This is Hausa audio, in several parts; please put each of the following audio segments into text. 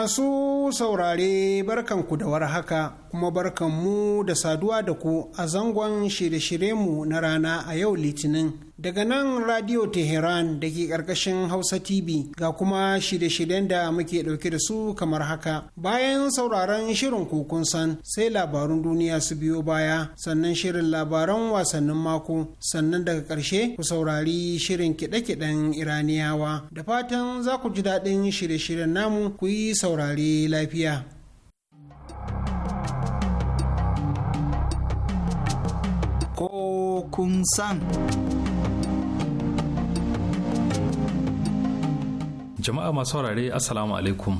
Masu saurare barkanku da war haka kuma barkanmu da saduwa da ku a zangon shirye-shiryenmu na rana a yau Litinin. Daga nan Radio Teheran da ke ƙarƙashin Hausa TV ga kuma shirye-shiryen da muke ɗauke da su kamar haka. Bayan sauraron shirin kukun san sai labarun duniya su biyo baya, sannan shirin labaran wasannin mako, sannan daga ƙarshe ku saurari shirin kiɗe-kiɗen Iraniyawa. Da fatan za ku ji daɗin shirye-shiryen namu ku yi saurari lafiya. Ko san. jama'a masu saurare assalamu alaikum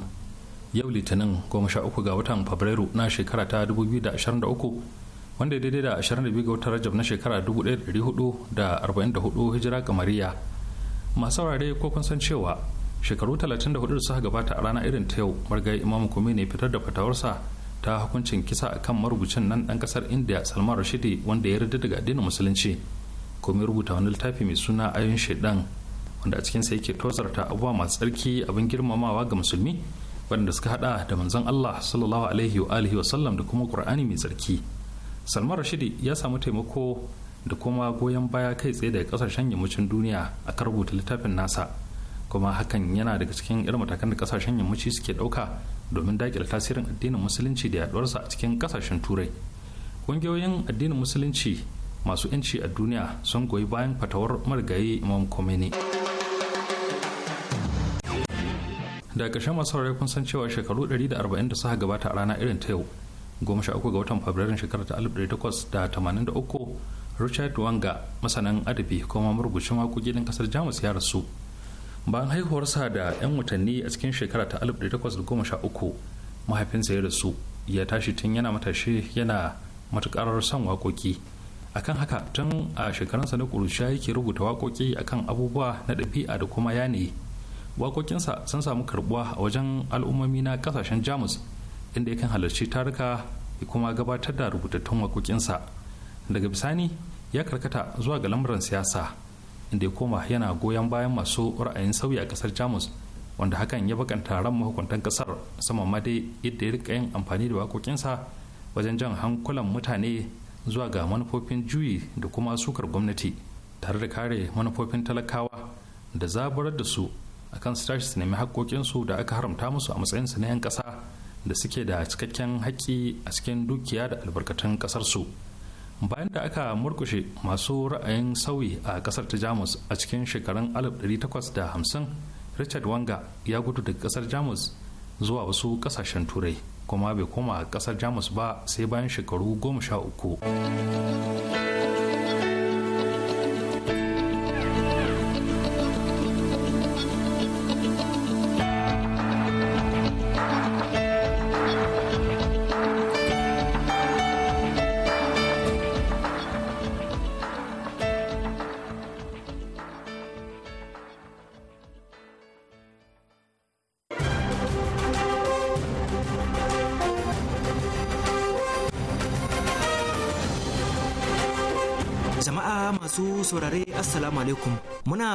yau litinin goma sha uku ga watan fabrairu na shekara ta dubu biyu da da ashirin uku wanda ya daidai da biyu ga watan rajab na shekara dubu ɗaya da da da hudu arba'in hudu hijira kamariya masu saurare ko kun san cewa shekaru talatin da hudu da suka gabata a rana irin ta yau margai imam kumi ne fitar da fatawarsa ta hukuncin kisa a kan marubucin nan ɗan ƙasar india salman rashidi wanda ya yarda daga addinin musulunci kuma rubuta wani littafi mai suna ayon shaidan wanda a cikinsa yake tozarta abubuwa masu tsarki abin girmamawa ga musulmi waɗanda suka hada da manzon Allah sallallahu alaihi wa alihi wa sallam da kuma Qur'ani mai tsarki. Salman Rashidi ya samu taimako da kuma goyon baya kai tsaye daga kasashen yammacin duniya a kan rubuta littafin nasa kuma hakan yana daga cikin irin matakan da kasashen yammaci suke ɗauka domin daƙile tasirin addinin musulunci da yaduwarsa a cikin kasashen turai ƙungiyoyin addinin musulunci masu 'yanci a duniya sun goyi bayan fatawar marigayi imam khomeini da ƙarshen masu saurari kun san cewa shekaru 140 da suka gabata a rana irin ta yau goma sha uku ga watan fabrairun shekarar ta 1883 richard wanga masanin adabi kuma murgushin waƙoƙi kasar ƙasar jamus ya rasu bayan haihuwarsa da 'yan watanni a cikin shekara ta 1813 mahaifinsa ya rasu ya tashi tun yana matashi yana matuƙar son waƙoƙi akan haka tun a shekarunsa na ƙuruciya yake rubuta waƙoƙi akan abubuwa na ɗabi'a da kuma yanayi waƙoƙinsa sun samu karbuwa a wajen al'ummomi na kasashen jamus inda yakan halarci taruka ya kuma gabatar da rubutattun waƙoƙinsa daga bisani ya karkata zuwa ga lamuran siyasa inda ya koma yana goyon bayan masu ra'ayin sauyi a kasar jamus wanda hakan ya bakanta ran mahukuntan kasar sama ma dai yadda ya rika yin amfani da waƙoƙinsa wajen jan hankulan mutane zuwa ga manufofin juyi da kuma sukar gwamnati tare da kare manufofin talakawa da zaburar da su akan su tashi su nemi haƙoƙinsu da aka haramta musu a matsayinsu na 'yan ƙasa da suke da cikakken haƙƙi a cikin dukiya da albarkatun ƙasarsu bayan da aka murkushe masu ra'ayin sauyi a ƙasar ta jamus a cikin shekarun 1850 richard wanga ya gudu daga ƙasar jamus zuwa wasu ƙasashen turai kuma bai koma ƙasar jamus ba sai bayan shekaru goma sha uku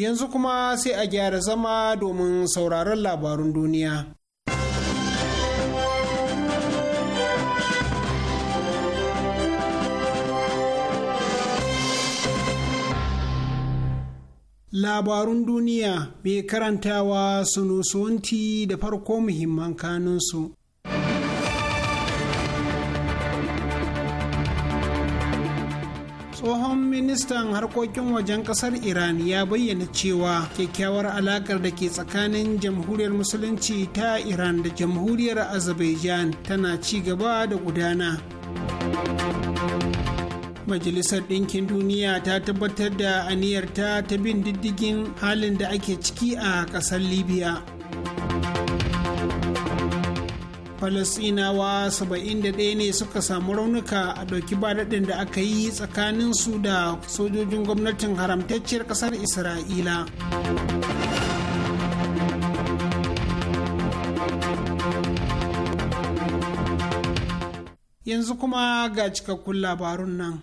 Yanzu kuma sai a gyara zama domin sauraron labarun duniya. Labarun duniya mai karantawa nusuwanci da farko muhimman kanunsu. ministan harkokin wajen kasar iran ya bayyana cewa kyakkyawar alakar da ke tsakanin jamhuriyar musulunci ta iran da jamhuriyar azerbaijan tana ci gaba da gudana majalisar ɗinkin duniya ta tabbatar da aniyarta ta bin diddigin halin da ake ciki a ƙasar libya falasinawa 71 ne suka samu raunuka a ɗauki daɗin da aka yi tsakanin su da sojojin gwamnatin haramtacciyar ƙasar isra'ila yanzu kuma ga cikakkun labarun nan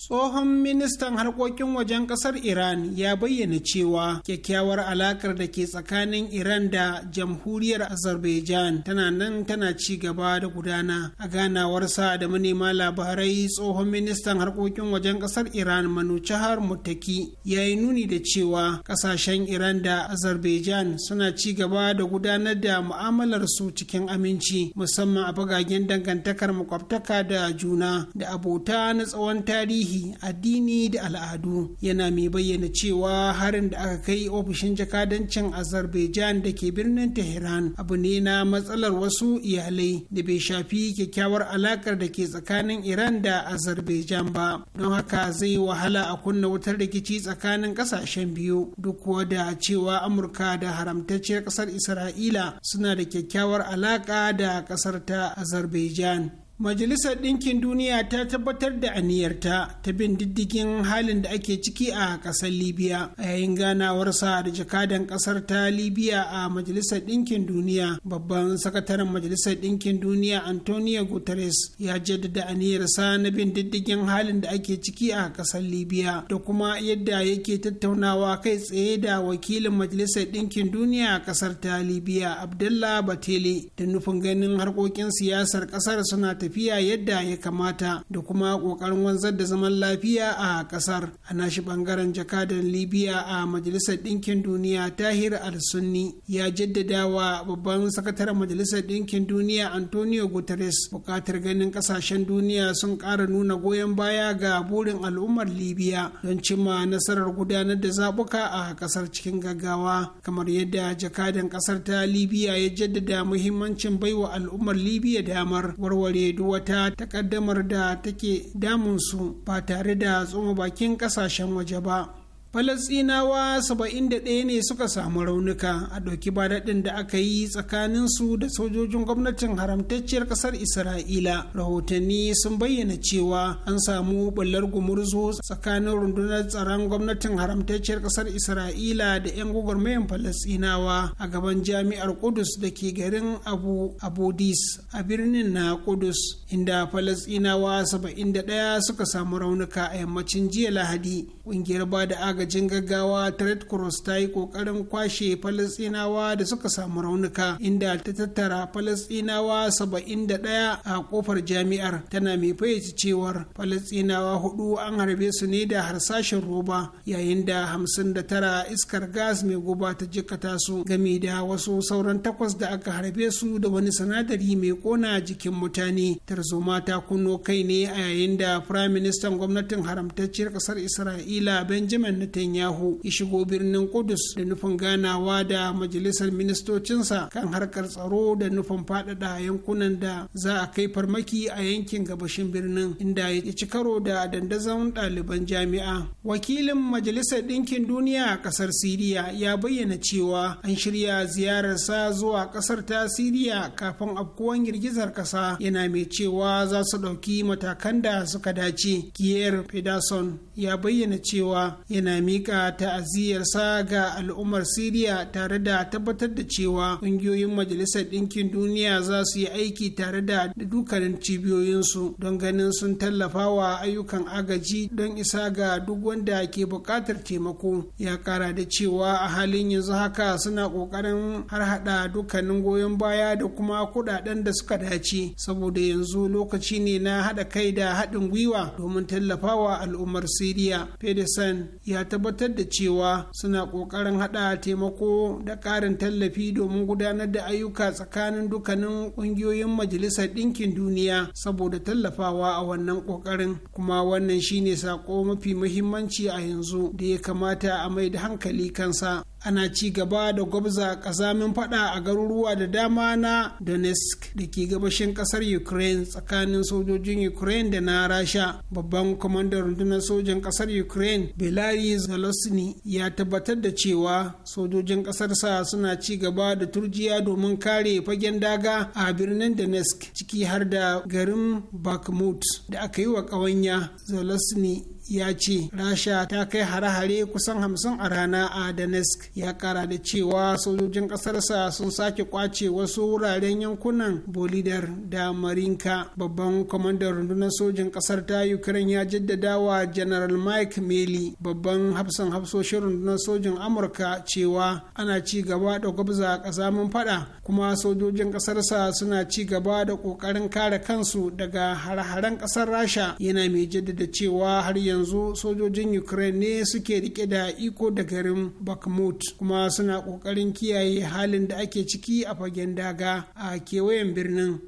Tsohon ministan harkokin wajen kasar Iran ya bayyana cewa kyakkyawar alakar da ke tsakanin Iran da jamhuriyar Azerbaijan tana nan tana ci gaba da gudana a ganawarsa da manema labarai tsohon ministan harkokin wajen kasar Iran Manuchahar Muttaki ya yi nuni da cewa kasashen Iran da Azerbaijan suna ci gaba da gudanar da mu'amalar su cikin aminci musamman a bagagen dangantakar makwabtaka da juna da abota na tsawon tarihi tarihi addini da al'adu yana mai bayyana cewa harin da aka kai ofishin jakadancin azerbaijan da ke birnin tehran abu ne na matsalar wasu iyalai da bai shafi kyakkyawar alakar da ke tsakanin iran da azerbaijan ba don haka zai wahala a kunna wutar rikici tsakanin kasashen biyu duk kuwa da cewa amurka da haramtacciyar kasar isra'ila suna da kyakkyawar alaka da kasar ta azerbaijan Majalisar Ɗinkin Duniya ta tabbatar da aniyarta ta bin diddigin halin da ake ciki a ƙasar Libya a yayin ganawarsa da jakadan ƙasar ta Libya a Majalisar Ɗinkin Duniya. Babban sakataren Majalisar Ɗinkin Duniya Antonio Guterres ya jaddada aniyarsa na bin diddigin halin da ake ciki a ƙasar Libya da kuma yadda yake tattaunawa kai tsaye da wakilin Majalisar Ɗinkin Duniya a ƙasar ta Libya Abdullah Batele da nufin ganin harkokin siyasar ƙasar suna tafiya. tafiya yadda ya kamata da kuma ƙoƙarin wanzar da zaman lafiya a ƙasar a nashi ɓangaren jakadan libya a majalisar ɗinkin duniya tahir al-sunni ya jaddada wa babban sakataren majalisar ɗinkin duniya antonio guterres buƙatar ganin ƙasashen duniya sun ƙara nuna goyon baya ga burin al'ummar libya don cimma nasarar gudanar da zaɓuka a ƙasar cikin gaggawa kamar yadda jakadan ƙasar ta libya ya jaddada muhimmancin baiwa al'ummar libya damar warware duk wata takaddamar da take damunsu ba tare da tsoma bakin kasashen waje ba saba'in da ɗaya ne suka samu raunuka a ɗauki daɗin da aka yi tsakaninsu da sojojin gwamnatin haramtacciyar ƙasar Isra'ila. Rahotanni sun bayyana cewa an samu ɓullar gumurzu tsakanin rundunar tsaron gwamnatin haramtacciyar ƙasar Isra'ila da 'yan gwagwarmayan Falasɗinawa a gaban jami'ar Kudus da ke garin Abu abudis a birnin na Kudus, inda saba'in da ɗaya suka samu raunuka a yammacin jiya Lahadi. kungiyar ba da agajin gaggawa ta red cross ta yi kokarin kwashe falastinawa da suka samu raunuka inda ta tattara falasinawa saba'in da ɗaya a kofar jami'ar tana mai fayyace cewar falasinawa hudu an harbe su ne da harsashin roba yayin da hamsin da tara iskar gas mai guba ta jikata su gami da wasu sauran takwas da aka harbe su da wani sinadari mai kona jikin mutane tarzoma ta kunno kai ne a yayin da firayim ministan gwamnatin haramtacciyar ƙasar isra'ila isra'ila benjamin netanyahu ya shigo birnin kudus da nufin ganawa da majalisar ministocinsa kan harkar tsaro da nufin faɗaɗa yankunan da za a kai farmaki a yankin gabashin birnin inda ya ci karo da dandazon ɗaliban jami'a wakilin majalisar ɗinkin duniya a ƙasar siriya ya bayyana cewa an shirya ziyararsa zuwa ƙasar ta siriya kafin afkuwan girgizar ƙasa yana mai cewa za su ɗauki matakan da suka dace Pierre Pedersen ya bayyana cewa yana miƙa ta'aziyarsa ga al'ummar siriya tare da tabbatar da cewa ƙungiyoyin majalisar ɗinkin duniya za su yi aiki tare da dukkanin cibiyoyinsu don ganin sun tallafa wa ayyukan agaji don isa ga duk wanda ke buƙatar taimako ya ƙara da cewa a halin yanzu haka suna ƙoƙarin harhaɗa dukkanin goyon baya da kuma kuɗaɗen da suka dace saboda yanzu lokaci ne na haɗa kai da haɗin gwiwa domin tallafa wa al'ummar siriya edison ya tabbatar da cewa suna ƙoƙarin haɗa taimako da ƙarin tallafi domin gudanar da ayyuka tsakanin dukkanin ƙungiyoyin majalisar ɗinkin duniya saboda tallafawa a wannan ƙoƙarin kuma wannan shine saƙo mafi muhimmanci a yanzu da ya kamata a mai da hankali kansa ana ci gaba da gwabza kazamin fada a garuruwa da dama na donetsk da ke gabashin kasar ukraine tsakanin sojojin ukraine da na rasha babban kwamandan rundunar sojan kasar ukraine belari zalosny ya tabbatar da cewa sojojin kasar sa suna ci gaba da turjiya domin kare fagen daga a birnin donetsk ciki har da garin bakmut da aka yi wa ƙawanya zalosny ya ce rasha ta kai hare-hare kusan hamsin a rana a danesk ya kara da cewa sojojin ƙasarsa sun sake kwace wasu wuraren yankunan bolidar da marinka babban kwamandan rundunar sojin ƙasar ta ukraine ya jaddada wa general mike meli babban hafsan hafsoshin rundunar sojin amurka cewa ana ci gaba da gwabza ƙazamin fada kuma sojojin ƙasarsa suna ci gaba da ƙoƙarin kare kansu daga hare-haren ƙasar rasha yana mai jaddada cewa har yanzu yanzu sojojin ukraine ne suke rike da iko da garin bakhmut kuma suna kokarin kiyaye halin da ake ciki a fagen daga a kewayen birnin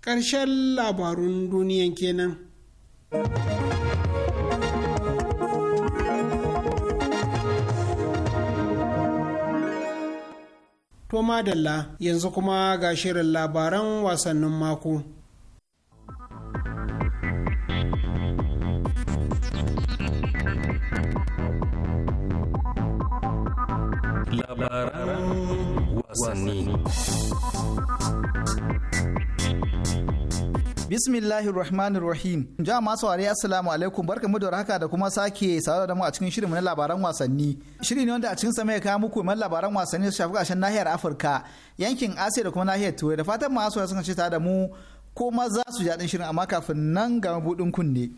ƙarshen labarun duniyan kenan. To madalla yanzu kuma ga shirin labaran wasannin mako. labaran wasanni Bismillahirrahmanirrahim. Jama'a masu wari assalamu alaikum mu da haka da kuma sake saurara da mu a cikin shirin na labaran wasanni. Shiri ne wanda a cikin sa mai kawo muku mai labaran wasanni da shafi kashin nahiyar Afirka, yankin Asiya da kuma nahiyar Turai da fatan masu wari sun ce da mu ko ma za su ji shirin amma kafin nan ga mabudin kunne.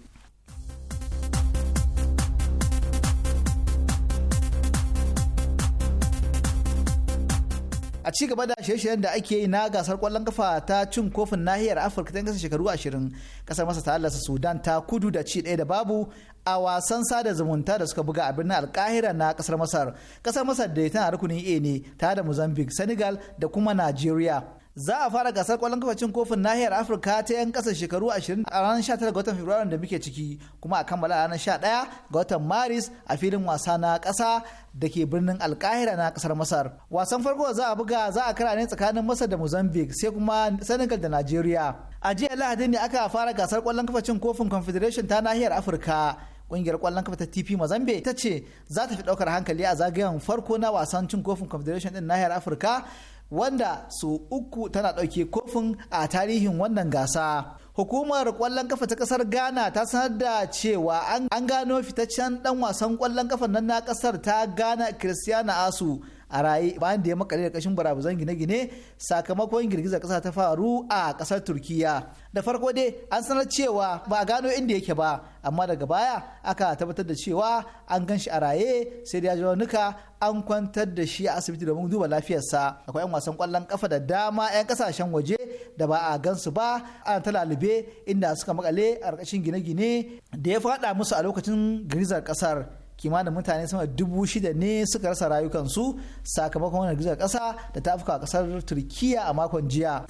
ci gaba da shirye-shiryen da ake yi na gasar kwallon kafa ta cin kofin nahiyar afirka ta kasa shekaru ashirin kasar masa ta halasta sudan ta kudu da ci daya da babu a wasan sada zumunta da suka buga a birnin alkahira na kasar masar kasar masar da tana rukunin a ne ta da mozambique senegal da kuma nigeria za a fara gasar kwallon kafa cin kofin nahiyar afirka ta 'yan kasar shekaru 20 a ranar 19 ga watan fabrairu da muke ciki kuma a kammala a ranar 11 ga watan maris a filin wasa na kasa da ke birnin alkahira na kasar masar wasan farko za a buga za a kara ne tsakanin masar da mozambique sai kuma senegal da nigeria a jiya lahadi ne aka fara gasar kwallon kafa cin kofin confederation ta nahiyar afirka kungiyar kwallon kafa ta TP mozambique ita ce za ta fi daukar hankali a zagayen farko na wasan cin kofin Confederation din nahiyar Afirka wanda su uku tana ɗauke kofin a tarihin wannan gasa. Hukumar kwallon kafa ta ƙasar Ghana ta sanar da cewa an gano fitaccen ɗan wasan kwallon kafa nan na ƙasar ta Ghana Christiana Asu a raye bayan da ya makale da kashin barabuzan gine-gine sakamakon girgizar kasa ta faru a ƙasar turkiya da farko dai an sanar cewa ba a gano inda yake ba amma daga baya aka tabbatar da cewa an gan shi a raye sai da ya ji nuka an kwantar da shi a asibiti domin duba lafiyarsa akwai 'yan wasan kwallon kafa da dama 'yan kasashen waje da ba a gansu ba ana ta lalube inda suka makale a gine-gine da ya faɗa musu a lokacin girgizar ƙasar. kimanin mutane sama dubu shida ne suka rasa rayukansu sakamakon wani girgizar kasa da ta a ƙasar turkiya a makon jiya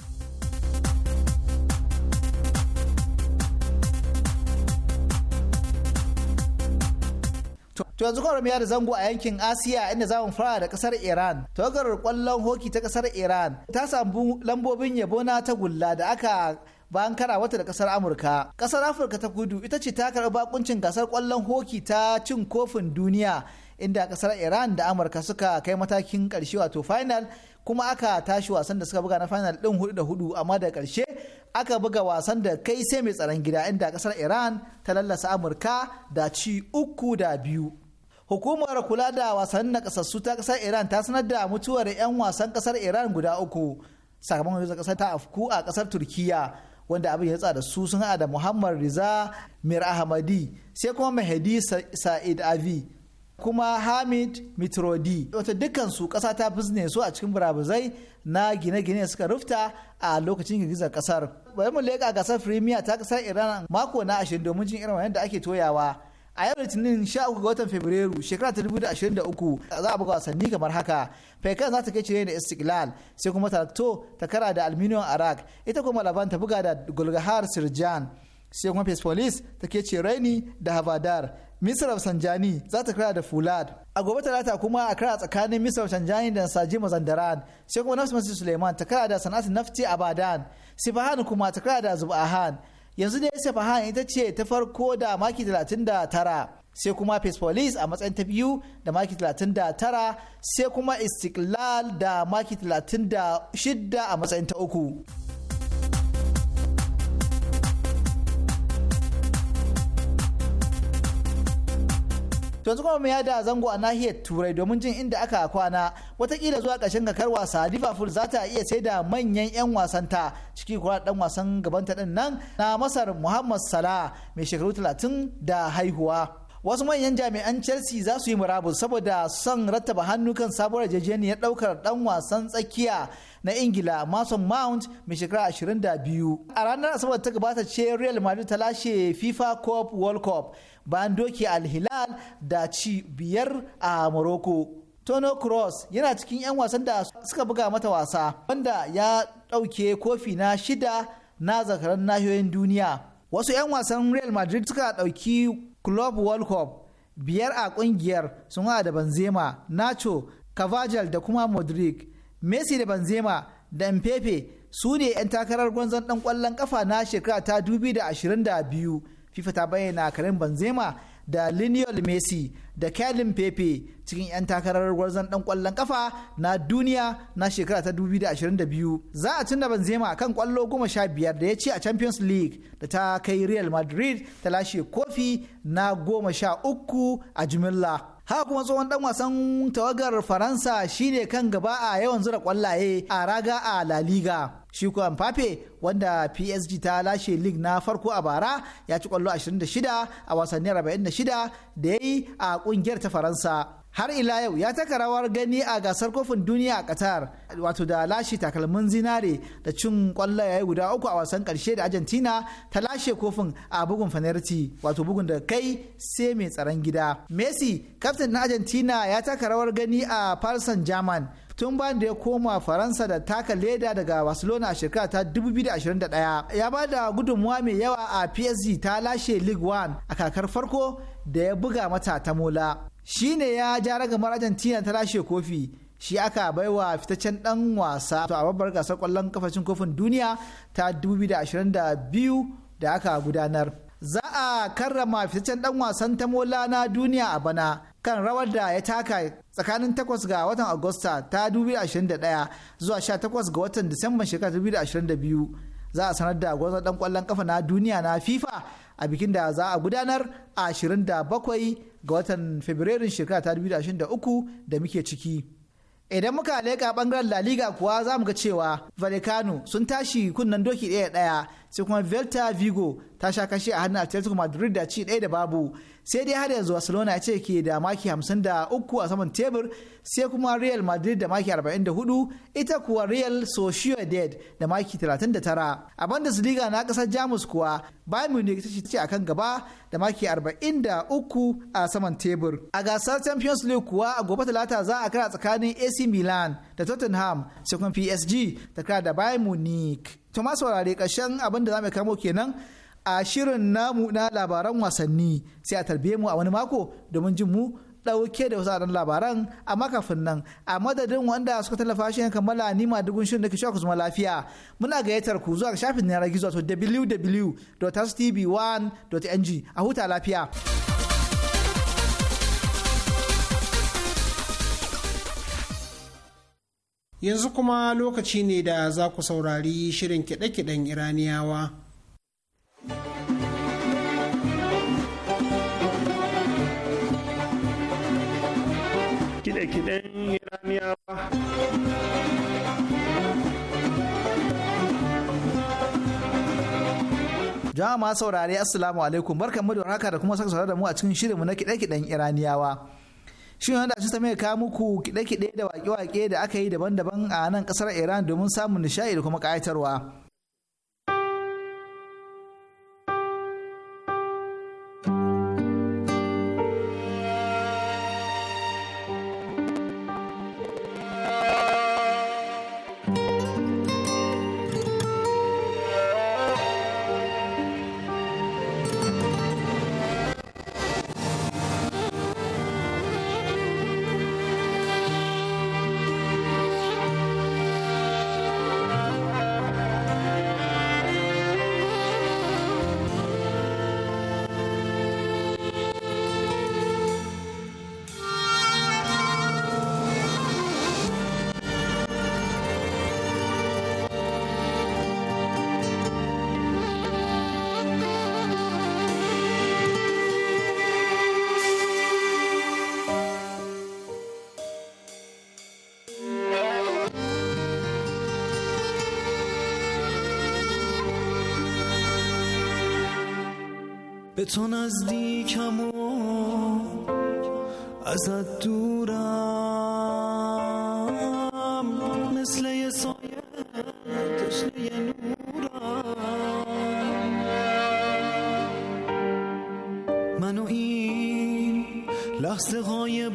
To yanzu kawar ramiya da zango a yankin Asiya inda zamu fara da kasar Iran. Tawagar kwallon hoki ta kasar Iran ta samu lambobin yabo na tagulla da aka bayan kara wata da kasar amurka kasar afirka ta kudu ita ce ta karɓi bakuncin gasar kwallon hoki ta cin kofin duniya inda kasar iran da amurka suka kai matakin karshe wato final kuma aka tashi wasan da suka buga na final din hudu da hudu amma da karshe aka buga wasan da kai sai mai tsaron gida inda kasar iran ta lallasa amurka da ci uku da biyu hukumar kula da wasannin na kasassu ta kasar iran ta sanar da mutuwar 'yan wasan kasar iran guda uku sakamakon kasar ta afku a kasar turkiya wanda abin ya da su sun haɗa da muhammad riza mir ahmadi sai kuma mahadi sa'id avi kuma hamid mitrodi wata dukkan su ƙasa ta bizne su a cikin burabuzai na gine-gine suka rufta a lokacin girgizar ƙasar bayan mu leƙa gasar firimiya ta ƙasar iran mako na ashirin domin jin irin wani da ake toyawa a yau litinin 13 ga watan fabrairu shekara ta 2023 za a buga wasanni kamar haka faikan za ta kai cire da istiklal sai kuma tarakto ta kara da aluminium arak ita kuma laban ta buga da gulgahar sirjan sai kuma police ta ke cire Raini da habadar misra sanjani za ta kara da fulad a gobe talata kuma a kara tsakanin misra sanjani da saji mazandaran sai kuma nafsu suleiman ta kara da sana'at nafti abadan sifahan kuma ta kara da zubahan yanzu da yasef fahan ita ce ta farko da maki 39 sai kuma face police a matsayin ta biyu da maki 39 sai kuma istiklal da maki 36 a matsayin ta uku. to yanzu kuma mu yada zango a nahiyar turai domin jin inda aka kwana watakila zuwa ƙarshen kakar wasa liverpool za ta iya sai da manyan 'yan wasan ta ciki kuwa dan wasan gabanta din nan na masar muhammad salah mai shekaru talatin da haihuwa wasu manyan jami'an chelsea za su yi murabus saboda son rattaba hannu kan sabuwar ya daukar dan wasan tsakiya na ingila mason mount mai shekara 22 a ranar asabar ta gabata ce real madrid ta lashe fifa cup world cup bayan doki al-hilal da ci biyar a morocco tono cross yana cikin 'yan wasan da suka buga mata wasa wanda ya dauke kofi na shida na zakaran nahiyoyin duniya wasu 'yan wasan real madrid suka ɗauki club world cup biyar a kungiyar sun haɗa da banzema nacho cavajal da kuma modric messi da banzema da mpepe su ne 'yan takarar gwanzon ɗan ƙwallon ƙafa na shekara ta 2022 fifa ta bayyana karin banzema da Lionel Messi da Kylian Pepe cikin 'yan takarar gwarzon dan kwallon kafa na duniya na shekara ta 2022. Za a da Benzema kan kwallo goma sha biyar da ya ci a Champions League da ta kai Real Madrid ta lashe kofi na goma sha uku a jimilla. haka kuma tsohon dan wasan tawagar faransa shine kan gaba a yawan zura kwallaye a raga a la liga shiko kuwa Mbappe wanda PSG ta lashe league na farko a bara ya ci kwallo 26 a wasanni 46 da ya yi a kungiyar ta Faransa. Har ila yau ya taka rawar gani a gasar kofin duniya a Qatar wato da lashe takalmin zinare da cin kwallo yayi guda uku a wasan karshe da Argentina ta lashe kofin a bugun fanarti wato bugun da kai sai mai tsaron gida. Messi kaftin na Argentina ya taka rawar gani a Paris Saint-Germain tun bayan da ya koma faransa da taka leda daga barcelona a shekara ta 2021 ya ba da gudunmuwa mai yawa a psg ta lashe league one a kakar farko da ya buga mata ta mola shi ne ya ja ragamar argentina ta lashe kofi shi aka baiwa fitaccen dan wasa a babbar gasar kwallon kafacin kofin duniya ta 2022 da aka gudanar za a karrama fitaccen dan wasan ta mola na duniya a bana kan rawar da ya taka tsakanin 8 ga watan Agusta ta 2021 zuwa 18 ga watan Disamba shekarar 2022 za a sanar da gwazon dan kwallon kafa na duniya na FIFA a bikin da za a gudanar a 27 ga watan Fabrairun shekara ta 2023 da muke ciki. Idan muka leka bangaren La Liga kuwa za mu ga cewa vallecano sun tashi kunnen doki ɗaya ɗaya sai kuma Velta Vigo ta sha kashe a hannun Atletico Madrid da ci ɗaya da babu sai dai har yanzu Barcelona ya ce ke da maki 53 a saman tebur sai kuma Real Madrid da maki 44 ita kuwa Real Sociedad da maki 39 a Bundesliga na kasar Jamus kuwa Bayern Munich ta ce akan gaba da maki 43 a saman tebur a gasar Champions League kuwa a gobe Talata za a kara tsakanin AC Milan da Tottenham sai kuma PSG ta kara da Bayern Munich thomas ma saurare ƙarshen abin da za mu kamo kenan a shirin namu na labaran wasanni sai a tarbiye mu a wani mako domin jin mu dauke da wasu adan labaran a makafin nan a madadin wanda suka tallafa shi kammala nima dugun shirin da ke shaku zuma lafiya muna gayyatar ku zuwa shafin na yanar gizo to 1ng a huta lafiya. Yanzu kuma lokaci ne da za ku saurari shirin kiɗe-kiɗen Iraniyawa. jama'a saurari assalamu alaikum barkan mu da haka da kuma saka saurari da mu a cikin shirinmu na kide-kiden iraniyawa shi da shi ta mai muku kide-kide da waƙe-waƙe da aka yi daban-daban a nan ƙasar iran domin samun nishaɗi da kuma kayatarwa. تو نزدیکم و ازت دورم مثل یه سایه تشنه نورم منو این لحظه باید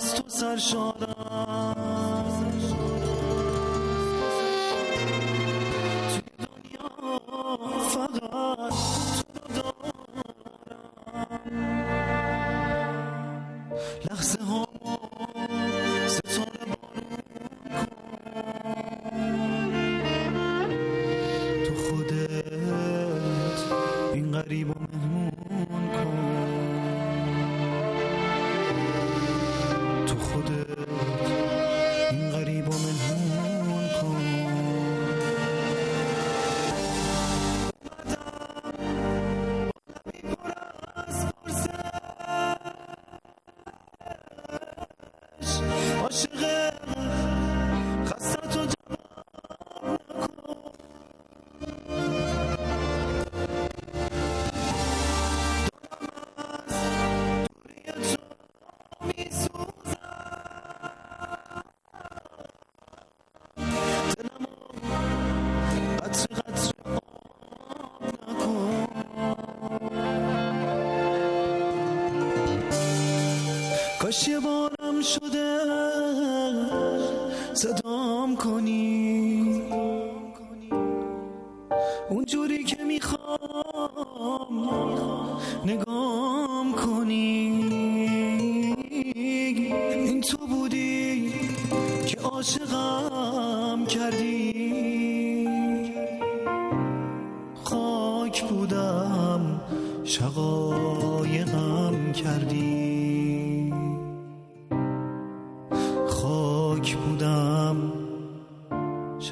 از تو سرشارم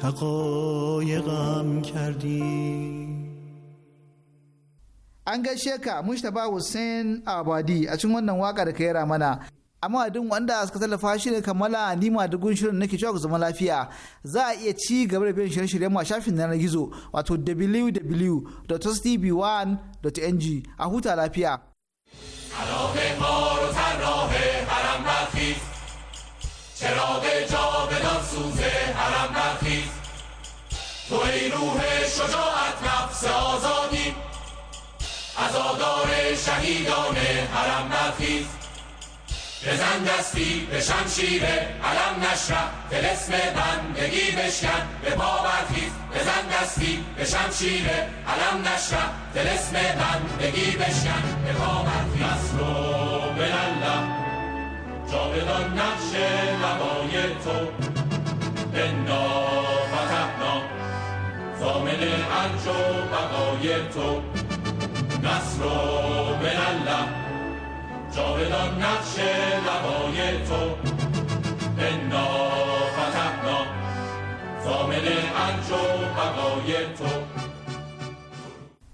شقایقم کردی an gaishe ka Mustapha Hussein Abadi a cikin wannan waka da ka yara mana amma duk wanda suka tallafa shi da kammala nima da gun shirin nake cewa ku zama lafiya za a iya ci gaba da bin shirye-shiryen ma shafin na gizo wato www.tv1.ng a huta lafiya چراغ تو ای روح شجاعت نفس آزادی عزادار شهیدان حرم برخیز بزن دستی به شمشیر علم دل اسم بندگی بشکن به پا برخیز بزن دستی به شمشیر علم دل اسم بندگی بشکن به پا برخیز رو بلالا جاودان نقش هوای تو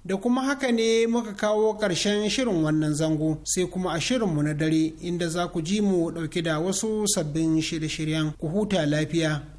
da kuma haka ne muka kawo ƙarshen shirin wannan zango sai kuma a shirinmu na dare inda za ku ji mu ɗauki da wasu sabbin shirye-shiryen ku huta lafiya.